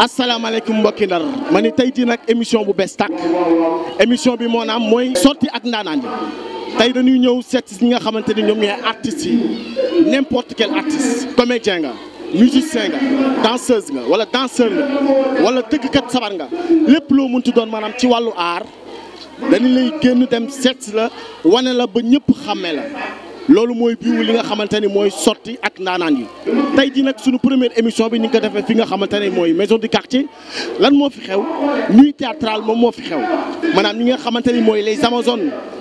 Assalamu alaikum ndar ma ni tey émission bu bees émission bi moy sortie ak dañuy n'importe quel artiste comédien nga musicien nga danseuse nga wala danseur nga wala kat sabar nga doon manam ci walu art dañ lay dem la ba loolu mooy biiwu li nga xamante ni mooy sorti ak ndaanaan yi tey ji nag suñu première émission bi ñu ko defee fi nga xamante ne mooy maison du quartier lan moo fi xew nuit théâtrale moom moo fi xew maanaam ñi nga xamante ni mooy les amazones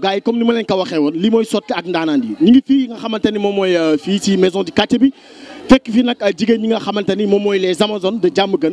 gars comme nous ma dit, ko waxee woon li mooy Nous ak ndaanaan yi ñu ngi fii nga euh, fait maison du quartier bi fekk train de euh, jigéen ñi nga les de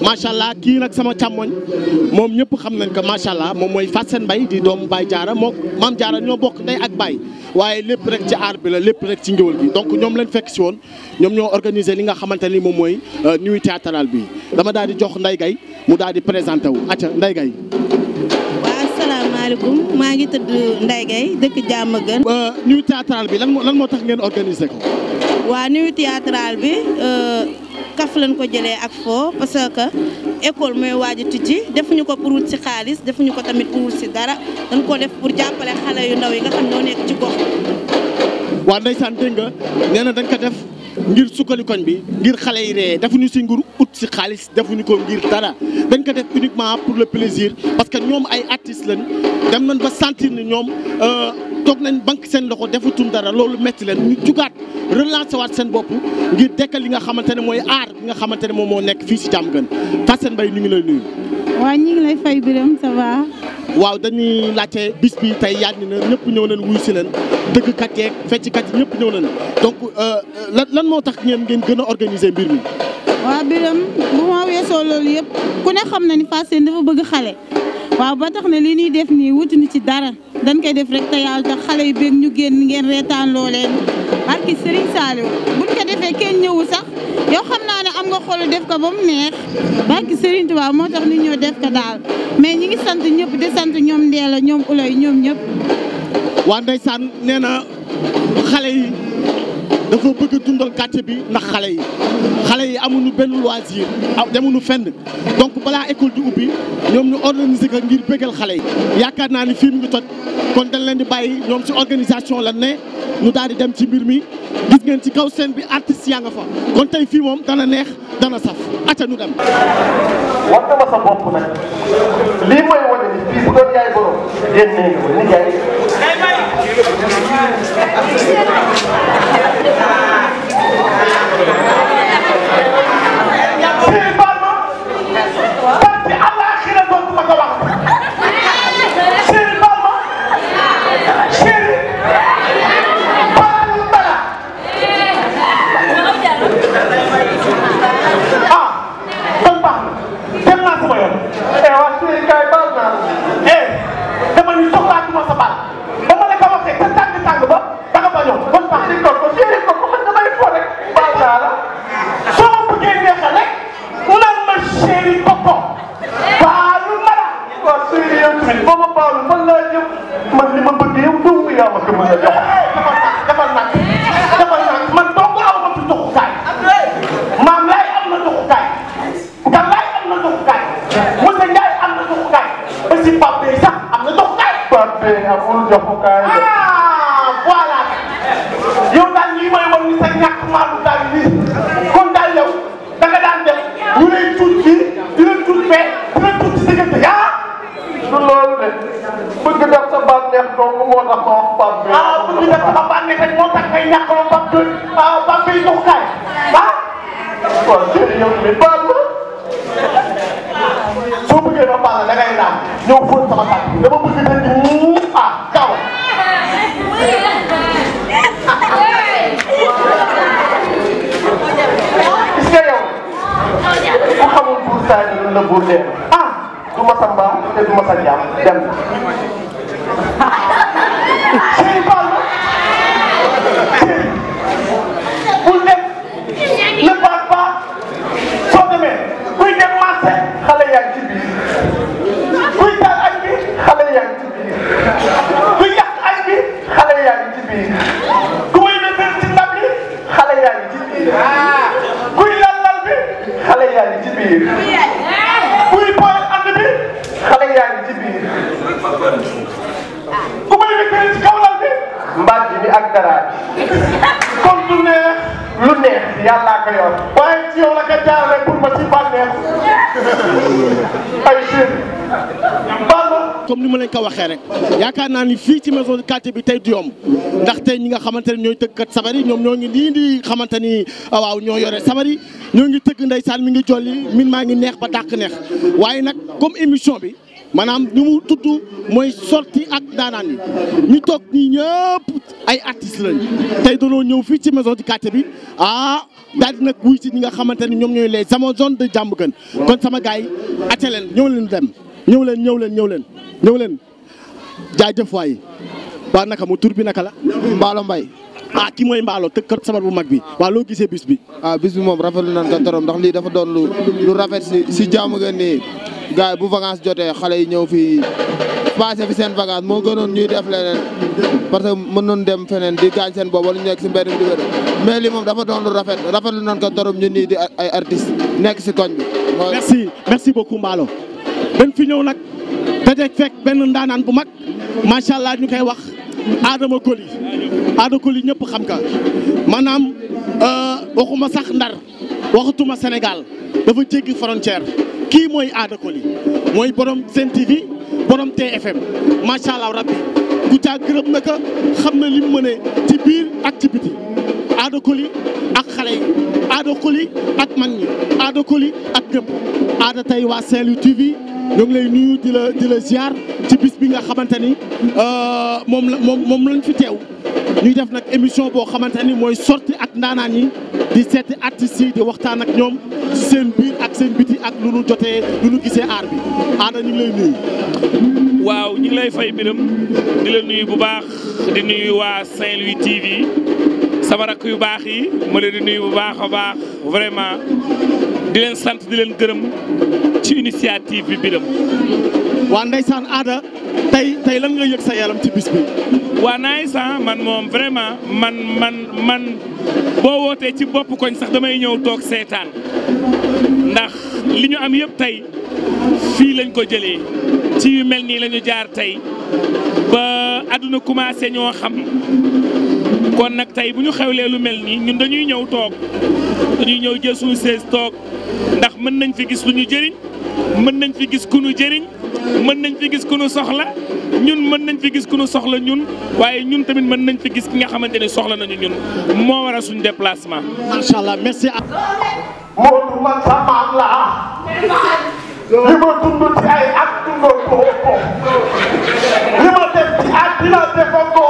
macha allah kii nag sama càmmoñ moom ñëpp xam nañ ko macha allah moom mooy Fassène Mbaye di doomu Baye Diarra moom maam Diarra ñoo bokk ndey ak Baye waaye lépp rek ci aar bi la lépp rek ci ngéwël bi donc ñoom leen fekk si woon ñoom ñoo organiser li nga xamante ni moom mooy euh, nuit théâtrale bi dama daal di jox nday gay mu daal di présenté wu acca Ndeye Gaye waaw maa ngi tudd Ndeye Gaye dëkk Diamaguène. Euh, nuit théâtrale bi lan moo lan moo tax ngeen organiser ko. waa nuit théâtrale bi. Euh, kaf leen ko jëlee ak foo parce que école mooy waaj a tijji defuñu ko pour wut si xaalis defuñu ko tamit pour wut si dara dañ ko def pour jàppale xale yu ndaw yi nga xam ñoo nekk ci gox waa ndeysaan dégg nga nee na dañ ko def ngir sukkali bi ngir xale yi ree defuñu si ngir ut si xaalis defuñu ko ngir dara dañ ko def uniquement pour le plaisir parce que ñoom ay artistes lañ dem nañ ba sentir ni ñoom euh, toog nañ banque seen loxo defatul dara loolu métti leen ñu jugaat relancer waat seen bopp ngir dekkal li nga xamante ne mooy aar bi nga xamante ne moom moo nekk fii si Diamaguène Fassène Mbaye ñu ngi lay nuyu. waaw ñu ngi lay fay Birame ça waaw dañuy laajte bis bi tey yaatu na ñëpp ñëw nañ wuyu si leen dëggkat yeeg fecckat yi ñëpp ñëw nañ donc euh, euh, lan moo tax ngeen ngeen gën a organiser mbir mi. waaw Birame bu ma weesoo loolu yëpp ku ne xam na ni Fassène dafa bëgg xale. waaw ba tax na li nuy def nii wutuñu ci dara dañ koy def rek te tax xale yi bëgg ñu génn ngeen reetaan loo leen barki Serigne Saliou buñ ko defee kenn ñëwu sax yow xam naa ne am nga xolu def ko ba mu neex barki Serigne Touba moo tax ñu ñëw def ko daal mais ñi ngi sant ñëpp di sant ñoom Ndéla ñoom Ulay ñoom ñëpp. waa ndeysaan nee na xale yi. dafa bëgg dundal quartier bi ndax xale yi xale yi amuñu benn loisir ah, demuñu fenn donc balaa école di ubbi ñoom ñu organiser ko ngir bëggal xale yi yaakaar naa ni fii mu ngi toj kon dañ leen di bàyyi ñoom ci organisation la ne ñu daal di dem ci mbir mi gis ngeen ci kaw scène bi artistes yaa nga fa kon tey fii moom dana neex dana saf acca ñu dem Ah, eh, eh, dama ni soxlaatuma sa baat ba ma la ko waxee yaa ma gëm a jox defal nag defal nag man dong aw ma fi doxukaay maam laay am na doxukaay nga laay am na doxukaay Moussa Ndiaye am na doxukaay ba si Pape Beye sax am na doxukaay. Pape Beye amul doxukaay. ah voilà yow daal lii may wan ni sa ñàkk maalu daal lii kon daal yow da nga daan def ñu lay tuut fii di la tuut fee di la tuut si diggante du loolu de bëgg def sa bànneex donc moo tax ma wax Pape bi. ah bëgg def sama bànneex rek moo tax ngay ñàkk a Pape bi ah Pape bi suxkaay ah. waaw jërëjëf yow mii baal ma soo bëggee ma baal da ngay naan ñëw fóot sama kàddu gi dama bëgg dañ di muu ah kaw. gis nga yow ku xamul pour saa yi la buur dee du ma sa mbaam te du ma sa jaam dem. comme ni ma leen ko waxee rek yaakaar naa ni fii ci maison de quartier bi tey du yomb ndaxte ñi nga xamante ne ñooy tëggkat sabar yi ñoom ñoo ngi nii di xamante ni ah waaw ñoo yore sabar yi ñoo ngi tëgg ndeysaan mi ngi jolli min maa ngi neex ba dàq neex waaye nag comme émission bi maanaam ni mu tudd mooy sorti ak daanaan yi ñu toog ñi ñëpp ay artistes lañ tey danoo ñëw fii ci maison du quartier bi ah daal di nag wuy si ñi nga xamante ni ñoom ñooy sama zone de Diamaguène kon sama gars yi atte leen ñëw leen dem ñëw leen ñëw leen ñëw leen ñëw leen jaajëf waay waa naka mu tur bi naka la. Mbaalo Mbaye. ah ki mooy Mbaalo tëkkat sabar bu mag bi waaw loo gisee bis bi. ah bis bi moom rafetlu nañ ko torom ndax lii dafa doon lu lu rafet si si jàmm ngeen nii gars bu vacances jotee xale yi ñëw fii passé fi seen vacances moo gënoon ñuy def leneen parce que mën mënoon dem feneen di gaañ seen bopp wala ñu nekk si mbedd di wér mais lii moom dafa doon lu rafet lu nañ ko torom ñun nii di ay artistes nekk si koñ bi. merci merci dañ fi ñëw nag dajeeg fekk benn ndaanaan bu mag macha allah ñu koy wax Adama Coly Adama Coly ñëpp xam ka maanaam euh, waxuma sax ndar waxatuma Sénégal dafa jéggi frontière kii mooy Adama Coly mooy borom Sen TV borom TFM macha allah rabbi ku caa gërëm na ko xam na li mu mënee ci biir ak ci Ada Coly ak xale yi Ada Coly ak mag ñi Ada Coly ak ñëpp Ada tey waa Saint-Louis TV ñoo ngi lay nuyu di la di la ziar ci bis bi nga xamante ni euh, moom la moom moom lañ fi teew ñuy def nag émission boo xamante ni mooy sorti ak ndaanaan yi di seeti artistes yi di waxtaan ak ñoom seen biir ak seen biti ak lu nu jotee lu nu gisee aar bi aada ñu lay nuyu. waaw ñu ngi lay fay biram di la nuyu bu baax di nuyu waa Saint-Louis TV. sama yu baax yi ma leen di bu baax a baax vraiment di leen sant di leen gërëm ci initiative bi biram waa ndeysaan aada tey tey lan nga yëg sa yaram ci bis waa naay ah, sax man moom vraiment man man man boo wootee ci bopp koñ sax damay ñëw toog seetaan ndax li ñu am yëpp tey fii lañ ko jëlee ci yu mel nii la jaar tey ba àdduna commencé ñoo xam kon nag tey bu ñu xew xewlee lu mel nii ñun dañuy ñëw toog dañuy ñëw jël suñu sees toog ndax mën nañ fi gis lu ñu jëriñ mën nañ fi gis ku ñu jëriñ mën nañ fi gis ku ñu soxla ñun mën nañ fi gis ku ñu soxla ñun waaye ñun tamit mën nañ fi gis ki nga xamante ni soxla nañu ñun moo waral suñ déplacement. macha allah merci. Modou man sa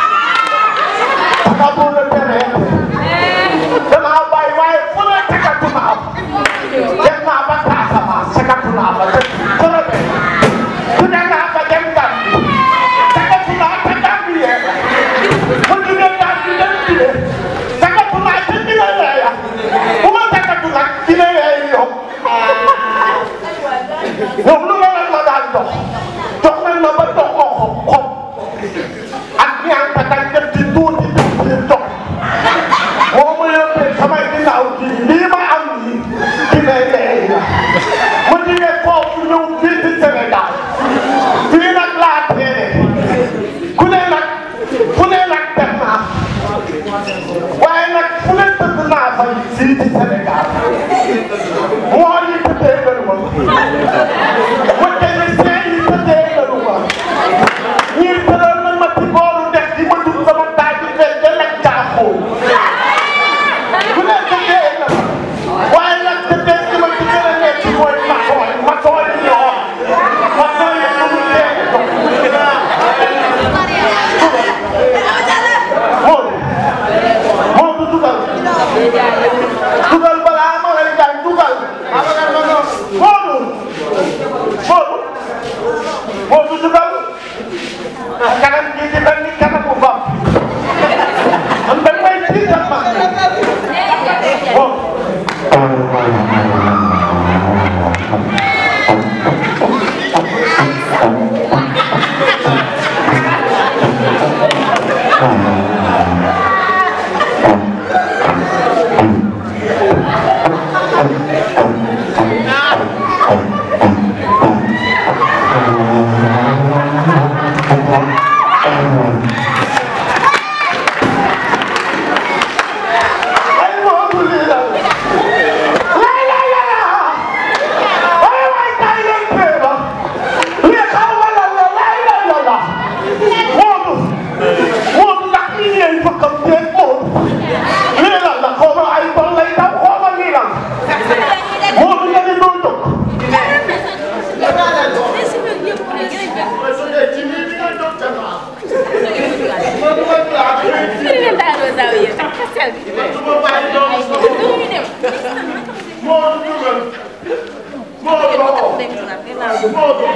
modo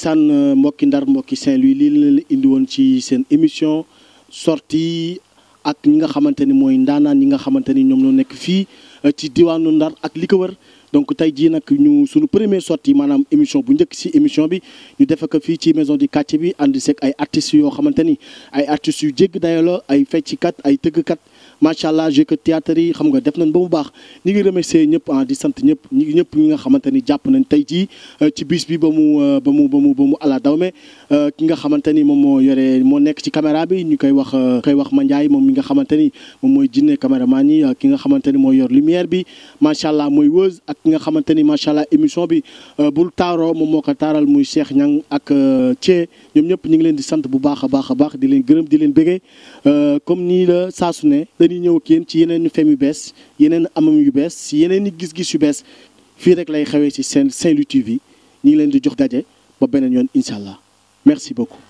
ndeysaan euh, Mokki ndar Saint-Louis li indi ci émission sortie ak ñi nga nga euh, ci diwanu ndar ak li donc sortie émission bu ñëk ci émission bi ñu défendons maison du quartier bi ànd sek ay artistes yo xamanteni ay artistes yu jégg macha allah jeu que théâtre yi xam nga def nañ ba mu baax ñi ngi remercier ñëpp ah di sant ñëpp ñi ñëpp ñi nga xamante ni nañ tey jii euh, ci bis bi euh, ba mu ba mu ba mu ba mu ala dawme euh, ki nga xamante ni moom moo yore nekk ci caméra bi ñu koy wax koy wax mandiaay moom mi nga xamante ni moom mooy jinne caméraman yi ki nga xamante ni yor lumière bi macha allah mooy wëz ak ki nga xamante ni allah émission bi bul taaroo moom moo ko muy Cheikh Niang ak Thie ñoom ñëpp ñi ngi leen di sant bu baax a baax di leen gërëm di leen bëggee comme nii la saa su dañuy ñëw ak yéen ci yeneen i fem yu bees yeneen amam yu bees si yeneen i gis-gis yu bees fii rek lay xewee si seen Saint-Louis TV ñu ngi leen di jox daje ba beneen yoon incha merci beaucoup.